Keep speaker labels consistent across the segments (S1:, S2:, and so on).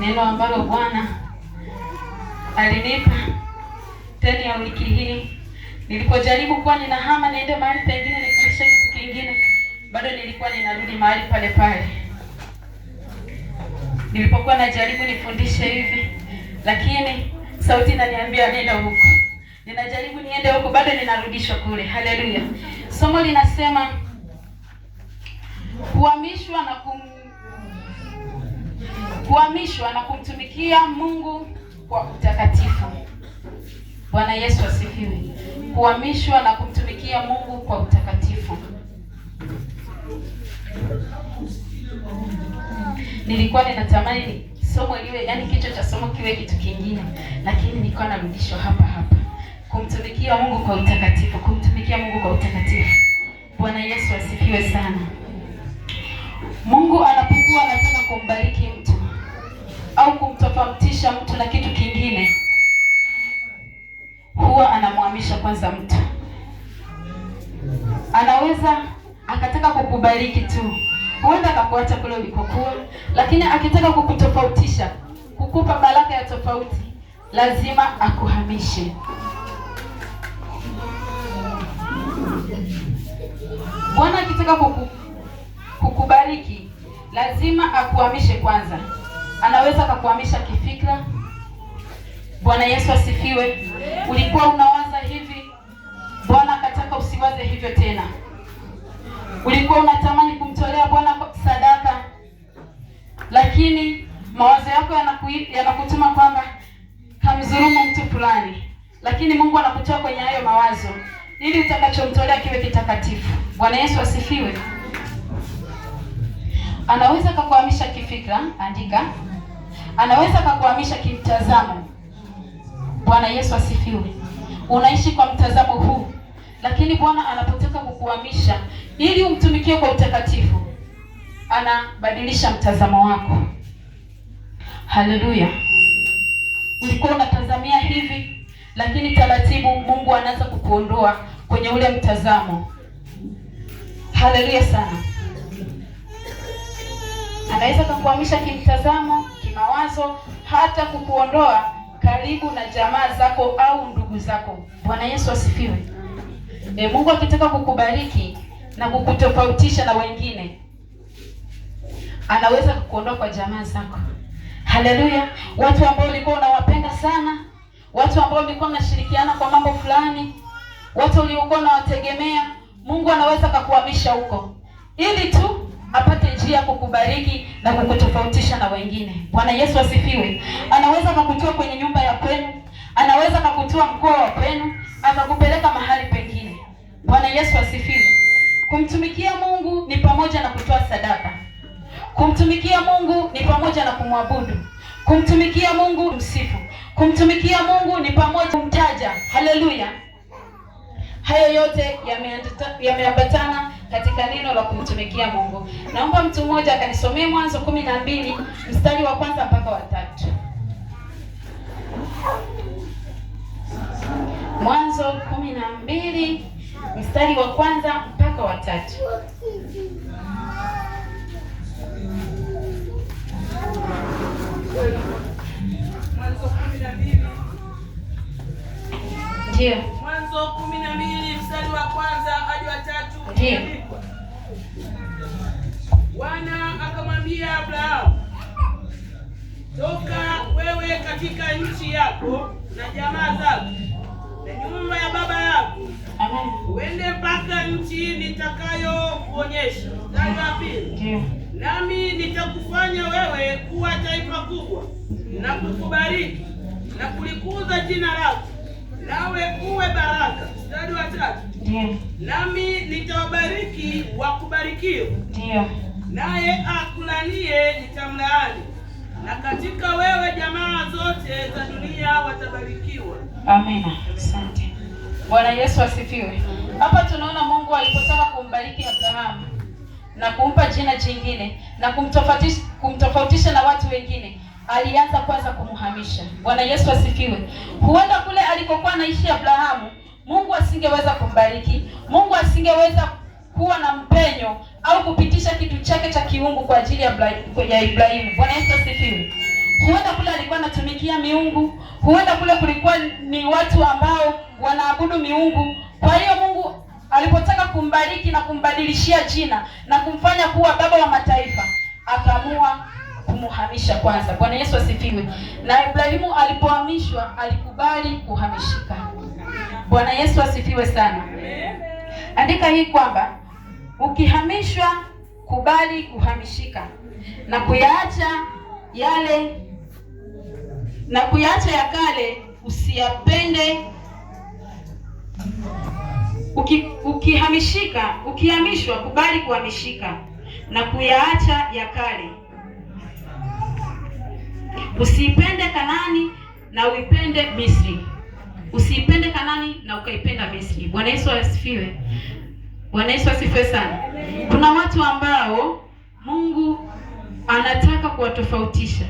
S1: neno ambalo Bwana alinipa teni ya wiki hii. Nilipojaribu kuwa ninahama niende mahali pengine nifundishe kitu kingine, bado nilikuwa ninarudi mahali pale pale. Nilipokuwa najaribu nifundishe hivi, lakini sauti inaniambia nenda huko, ninajaribu niende huko, bado ninarudishwa kule. Haleluya! Somo linasema kuhamishwa na kumu kuhamishwa na kumtumikia Mungu kwa utakatifu. Bwana Yesu asifiwe. Kuhamishwa na kumtumikia Mungu kwa utakatifu. Nilikuwa ninatamani somo liwe, yani kichwa cha somo kiwe kitu kingine, lakini nilikuwa narudishwa hapa hapa, kumtumikia Mungu kwa utakatifu, kumtumikia Mungu kwa utakatifu. Bwana Yesu asifiwe sana. Mungu anapokuwa anataka kumbariki au kumtofautisha mtu na kitu kingine, huwa anamhamisha kwanza mtu. Anaweza akataka kukubariki tu, huenda akakuacha kule ulikokuwa, lakini akitaka kukutofautisha, kukupa baraka ya tofauti, lazima akuhamishe. Bwana akitaka kuku, kukubariki lazima akuhamishe kwanza anaweza akakuhamisha kifikra. Bwana Yesu asifiwe. Ulikuwa unawaza hivi, Bwana akataka usiwaze hivyo tena. Ulikuwa unatamani kumtolea Bwana sadaka, lakini mawazo yako yanakutuma ya kwamba kamdhulumu mtu fulani, lakini Mungu anakutoa kwenye hayo mawazo ili utakachomtolea kiwe kitakatifu. Bwana Yesu asifiwe. Anaweza akakuhamisha kifikra, andika anaweza akakuhamisha kimtazamo. Bwana Yesu asifiwe. Unaishi kwa mtazamo huu, lakini Bwana anapotaka kukuhamisha ili umtumikie kwa utakatifu, anabadilisha mtazamo wako. Haleluya! Ulikuwa unatazamia hivi, lakini taratibu Mungu anaanza kukuondoa kwenye ule mtazamo. Haleluya sana. Anaweza kukuhamisha kimtazamo kimawazo, hata kukuondoa karibu na jamaa zako au ndugu zako. Bwana Yesu asifiwe. E, Mungu akitaka kukubariki na kukutofautisha na wengine, anaweza kukuondoa kwa jamaa zako. Haleluya! watu ambao ulikuwa unawapenda sana, watu ambao ulikuwa unashirikiana kwa mambo fulani, watu uliokuwa unawategemea, Mungu anaweza kukuhamisha huko ili tu apate njia ya kukubariki na kukutofautisha na wengine. Bwana Yesu asifiwe. Anaweza akakutoa kwenye nyumba ya kwenu, anaweza akakutoa mkoa wa kwenu, akakupeleka mahali pengine. Bwana Yesu asifiwe. Kumtumikia Mungu ni pamoja na kutoa sadaka. Kumtumikia Mungu ni pamoja na kumwabudu. Kumtumikia Mungu msifu. Kumtumikia Mungu ni pamoja kumtaja. Haleluya. Hayo yote yameambatana katika neno la kumtumikia Mungu. Naomba mtu mmoja akanisomee Mwanzo kumi na mbili mstari wa kwanza mpaka wa tatu. Mwanzo kumi na mbili mstari wa kwanza mpaka wa tatu. Ndiyo.
S2: Mwanzo kumi na mbili mstari wa kwanza hadi wa tatu. Ndiyo. Bwana akamwambia Abrahamu, toka wewe katika nchi yako na jamaa zako na nyumba ya baba yako, uende mpaka nchi nitakayokuonyesha. Mstari pili, nami nitakufanya wewe kuwa taifa kubwa na kukubariki na kulikuza jina lako nawe uwe baraka. Mstari wa tatu, nami nitawabariki wakubarikiwa naye akulanie nitamlaani, na katika wewe jamaa zote za dunia watabarikiwa.
S1: Amina, asante. Bwana Yesu asifiwe. Hapa tunaona Mungu alipotaka kumbariki Abrahamu na kumpa jina jingine na kumtofautisha, kumtofautisha na watu wengine alianza kwanza kumhamisha. Bwana Yesu asifiwe. Huenda kule alikokuwa anaishi Abrahamu, Mungu asingeweza kumbariki, Mungu asingeweza kuwa na mpenyo au kupitisha kitu chake cha kiungu kwa ajili ya Ibrahimu. Bwana Yesu asifiwe. Huenda kule alikuwa anatumikia miungu, huenda kule kulikuwa ni watu ambao wanaabudu miungu. Kwa hiyo Mungu alipotaka kumbariki na kumbadilishia jina na kumfanya kuwa baba wa mataifa, akaamua kumuhamisha kwanza. Bwana Yesu asifiwe. Na Ibrahimu alipohamishwa alikubali kuhamishika. Bwana Yesu asifiwe sana. Andika hii kwamba Ukihamishwa, kubali kuhamishika na kuyaacha yale na kuyaacha ya kale usiyapende. Uki, ukihamishika ukihamishwa, kubali kuhamishika na kuyaacha ya kale. Usiipende Kanani na uipende Misri, usiipende Kanani na ukaipenda Misri. Bwana Yesu asifiwe. Bwana Yesu asifiwe sana. Kuna watu ambao Mungu anataka kuwatofautisha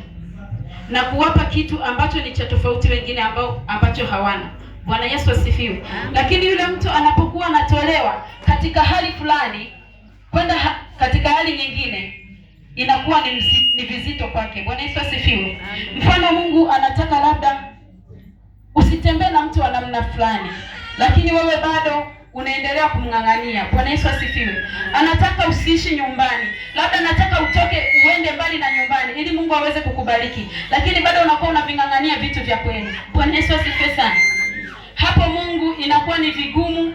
S1: na kuwapa kitu ambacho ni cha tofauti wengine ambao ambacho hawana. Bwana Yesu asifiwe. Lakini yule mtu anapokuwa anatolewa katika hali fulani kwenda ha katika hali nyingine inakuwa ni, ni vizito kwake. Bwana Yesu asifiwe. Mfano, Mungu anataka labda usitembee na mtu wa namna fulani, lakini wewe bado unaendelea kumng'ang'ania. Bwana Yesu asifiwe. Anataka usiishi nyumbani, labda anataka utoke uende mbali na nyumbani, ili Mungu aweze kukubariki, lakini bado unakuwa unaving'ang'ania vitu vya kwenu. Bwana Yesu asifiwe sana. Hapo Mungu inakuwa ni vigumu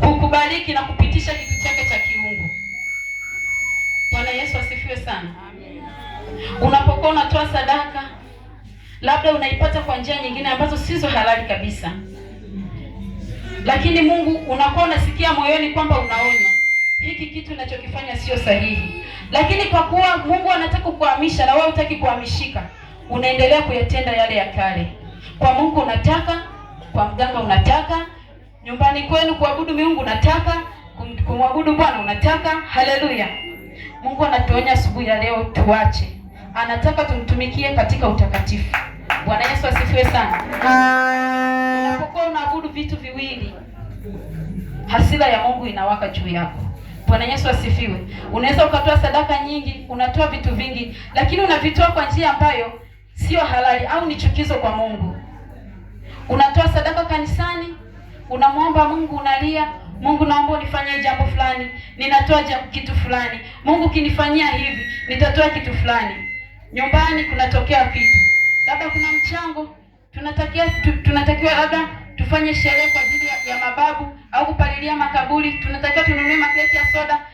S1: kukubariki na kupitisha kitu chake cha kiungu. Bwana Yesu asifiwe sana. Unapokuwa unatoa sadaka, labda unaipata kwa njia nyingine ambazo sizo halali kabisa lakini Mungu unakuwa unasikia moyoni kwamba unaonya hiki kitu unachokifanya sio sahihi, lakini kwa kuwa Mungu anataka kukuhamisha na wewe hutaki kuhamishika, unaendelea kuyatenda yale ya kale. Kwa Mungu unataka, kwa mganga unataka, nyumbani kwenu kuabudu miungu unataka, kumwabudu Bwana unataka. Haleluya! Mungu anatuonya asubuhi ya leo tuache, anataka tumtumikie katika utakatifu. Bwana Yesu asifiwe sana. Unapokuwa unaabudu vitu viwili, hasira ya Mungu inawaka juu yako. Bwana Yesu asifiwe. Unaweza ukatoa sadaka nyingi, unatoa vitu vingi, lakini unavitoa kwa njia ambayo sio halali au ni chukizo kwa Mungu. Unatoa sadaka kanisani, unamwomba Mungu, unalia Mungu, naomba unifanyie jambo fulani, ninatoa kitu fulani. Mungu, ukinifanyia hivi, nitatoa kitu fulani. Nyumbani kunatokea vitu labda kuna mchango tunatakiwa tu, tunatakiwa labda tufanye sherehe kwa ajili ya, ya mababu au kupalilia makaburi, tunatakiwa tununue makreti ya soda,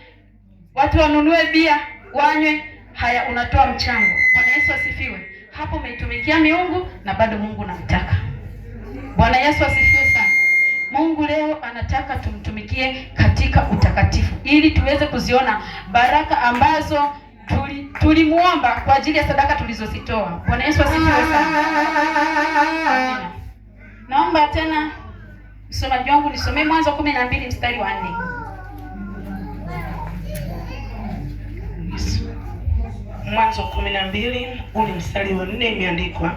S1: watu wanunue bia wanywe. Haya, unatoa mchango. Bwana Yesu asifiwe. Hapo umeitumikia miungu na bado Mungu anamtaka. Bwana Yesu asifiwe sana. Mungu leo anataka tumtumikie katika utakatifu ili tuweze kuziona baraka ambazo tulimuomba tuli kwa ajili ya sadaka tulizozitoa. Bwana Yesu asifiwe sana. Naomba tena msomaji wangu nisomee Mwanzo kumi na mbili mstari wa nne.
S2: Mwanzo kumi na mbili ule mstari wa nne imeandikwa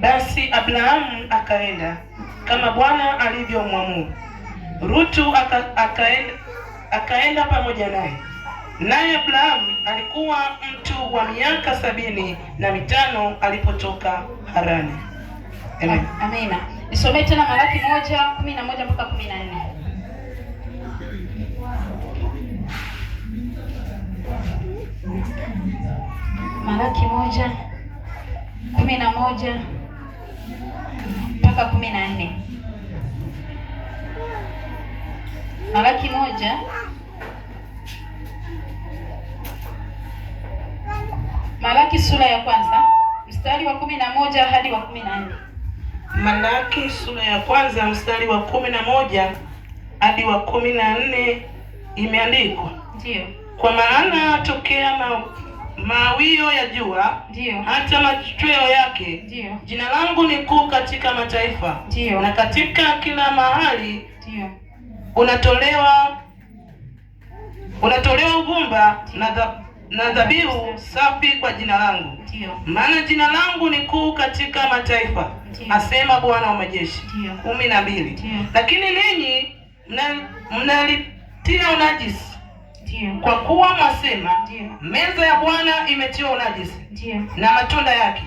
S2: Basi Abrahamu akaenda kama Bwana alivyomwamuru. Rutu akaenda, akaenda pamoja naye Naye Abrahamu alikuwa mtu wa miaka sabini na mitano alipotoka Harani.
S1: Amen. Amina. Nisomee tena Malaki moja kumi na moja mpaka kumi na nne. Malaki moja kumi na moja mpaka kumi na nne. Malaki moja Malaki sura ya kwanza mstari wa kumi na moja hadi wa kumi na nne.
S2: Malaki sura ya kwanza mstari wa kumi na moja hadi wa kumi na nne imeandikwa. Ndio. Kwa maana tokea ma mawio ya jua ndio hata machweo yake ndio jina langu ni kuu katika mataifa ndio na katika kila mahali ndio unatolewa unatolewa uvumba na na dhabihu safi kwa jina langu, maana jina langu ni kuu katika mataifa, asema Bwana wa majeshi. kumi na mbili. Lakini ninyi mnalitia mna unajisi kwa kuwa mwasema meza ya Bwana imetiwa unajisi na matunda yake,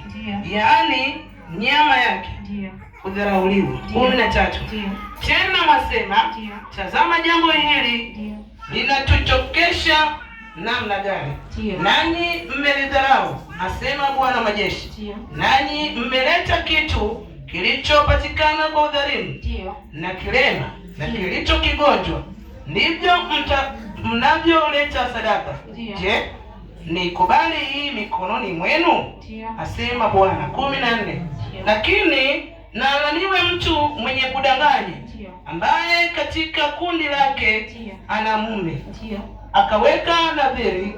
S2: yaani nyama yake kudharauliwa. kumi na tatu. Tena mwasema tazama, jambo hili linatuchokesha namna gani? Nani mmelidharau, asema Bwana majeshi, nani mmeleta kitu kilichopatikana kwa udhalimu na kilema na kilicho kigonjwa, ndivyo mnavyoleta sadaka. Je, nikubali hii mikononi mwenu? asema Bwana. kumi na nne. Lakini naalaniwe mtu mwenye kudanganya ambaye katika kundi lake ana mume akaweka nadhiri,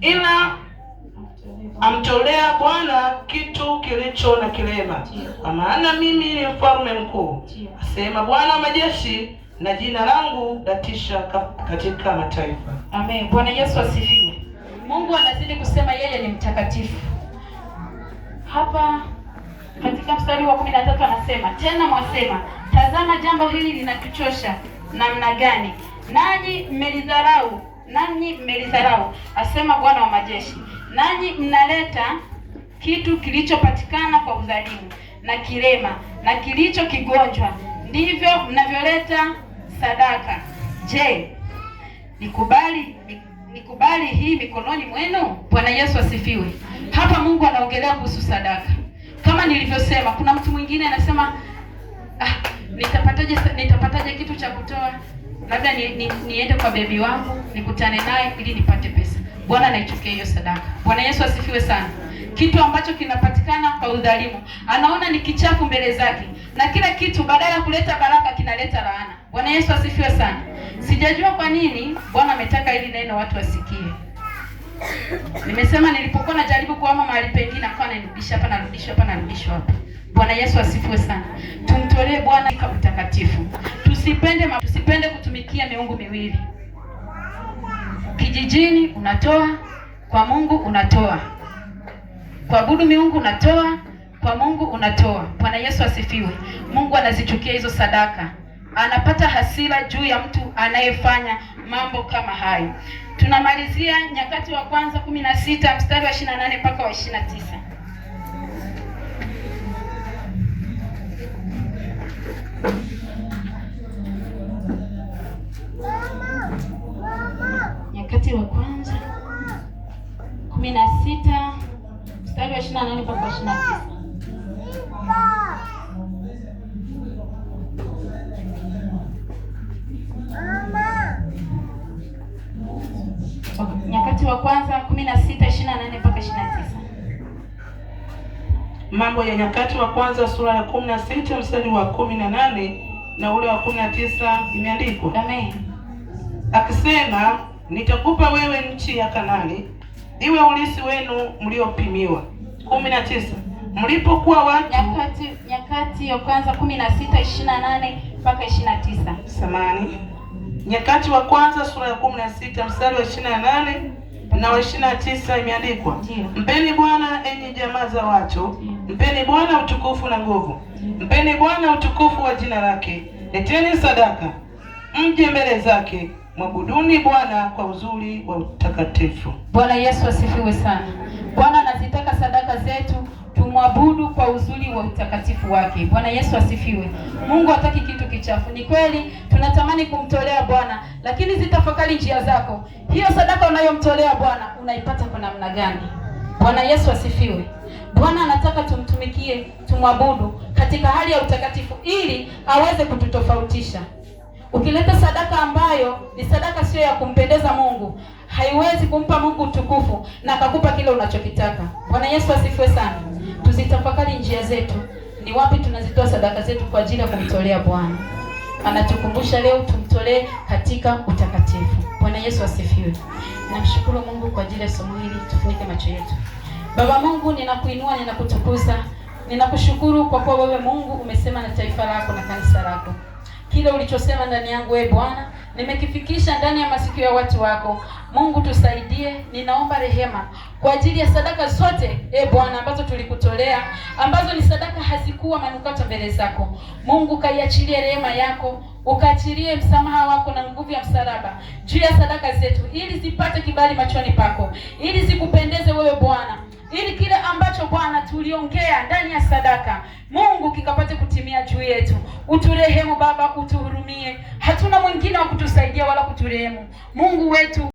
S2: ila amtolea Bwana kitu kilicho na kilema, kwa maana mimi ni mfalme mkuu, asema Bwana wa majeshi, na jina langu latisha katika mataifa.
S1: Amen. Bwana Yesu asifiwe. Mungu anazidi kusema yeye ni mtakatifu. Hapa katika mstari wa kumi na tatu anasema tena, mwasema tazama, jambo hili linatuchosha namna gani, nanyi mmelidharau nanyi mmelidharau, asema Bwana wa majeshi. Nanyi mnaleta kitu kilichopatikana kwa udhalimu na kilema na kilicho kigonjwa, ndivyo mnavyoleta sadaka. Je, nikubali nikubali hii mikononi mwenu? Bwana Yesu asifiwe. Hapa Mungu anaongelea kuhusu sadaka. Kama nilivyosema, kuna mtu mwingine anasema ah, nitapataje nitapataje kitu cha kutoa labda niende ni, ni kwa bebi wangu nikutane naye ili nipate pesa. Bwana naichukia hiyo sadaka. Bwana Yesu asifiwe sana. Kitu ambacho kinapatikana kwa udhalimu, anaona ni kichafu mbele zake, na kila kitu badala ya kuleta baraka kinaleta laana. Bwana Yesu asifiwe sana. Sijajua kwa nini Bwana ametaka ili neno watu wasikie. Nimesema nilipokuwa najaribu kuhama mahali pengine, akawa ananirudisha hapa, narudishwa hapa, narudishwa hapa. Bwana Yesu asifiwe sana. Tumtolee Bwana kwa utakatifu. Tusipende, tusipende kutumikia miungu miwili. Kijijini unatoa kwa Mungu, unatoa kuabudu miungu, unatoa kwa Mungu, unatoa. Bwana Yesu asifiwe. Mungu anazichukia hizo sadaka, anapata hasira juu ya mtu anayefanya mambo kama hayo. Tunamalizia Nyakati wa Kwanza kumi na sita mstari wa 28 mpaka wa 29. Wakorintho wa kwanza kumi na sita mstari wa ishirini na nane mpaka ishirini na tisa. Nyakati wa kwanza kumi na sita ishirini na nane mpaka ishirini na tisa.
S2: Mambo ya Nyakati wa kwanza sura ya kumi na sita mstari wa kumi na nane na ule wa kumi na tisa imeandikwa akisema nitakupa wewe nchi ya Kanani iwe ulisi wenu mliopimiwa. kumi na tisa mlipokuwa watu
S1: nyakati, Nyakati ya kwanza kumi na sita ishirini na nane mpaka ishirini na tisa
S2: samani Nyakati wa kwanza sura ya kumi na sita mstari wa ishirini na nane na wa ishirini na tisa imeandikwa mpeni Bwana enyi jamaa za watu, mpeni Bwana utukufu na nguvu, mpeni Bwana utukufu wa jina lake, leteni sadaka, mje mbele zake Mwabuduni Bwana kwa uzuri wa utakatifu.
S1: Bwana Yesu asifiwe sana. Bwana anazitaka sadaka zetu tumwabudu kwa uzuri wa utakatifu wake. Bwana Yesu asifiwe. Mungu hataki kitu kichafu. Ni kweli tunatamani kumtolea Bwana, lakini zitafakari njia zako. Hiyo sadaka unayomtolea Bwana unaipata kwa namna gani? Bwana Yesu asifiwe. Bwana anataka tumtumikie, tumwabudu katika hali ya utakatifu ili aweze kututofautisha. Ukileta sadaka ambayo ni sadaka sio ya kumpendeza Mungu, haiwezi kumpa Mungu utukufu na akakupa kile unachokitaka. Bwana Yesu asifiwe sana. Tuzitafakari njia zetu, ni wapi tunazitoa sadaka zetu kwa ajili ya kumtolea Bwana. Anatukumbusha leo tumtolee katika utakatifu. Bwana Yesu asifiwe. Namshukuru Mungu kwa ajili ya somo hili, tufunike macho yetu. Baba Mungu, ninakuinua, ninakutukuza, ninakushukuru kwa kuwa wewe Mungu umesema na taifa lako na kanisa lako kile ulichosema ndani yangu, e Bwana, nimekifikisha ndani ya masikio ya watu wako. Mungu tusaidie, ninaomba rehema kwa ajili ya sadaka zote, e Bwana, ambazo tulikutolea ambazo ni sadaka hazikuwa manukato mbele zako. Mungu kaiachilie rehema yako, ukaachilie msamaha wako na nguvu ya msalaba juu ya sadaka zetu, ili zipate kibali machoni pako, ili zikupendeze wewe Bwana ili kile ambacho Bwana tuliongea ndani ya sadaka, Mungu kikapate kutimia juu yetu. Uturehemu Baba, utuhurumie, hatuna mwingine wa kutusaidia wala kuturehemu. Mungu wetu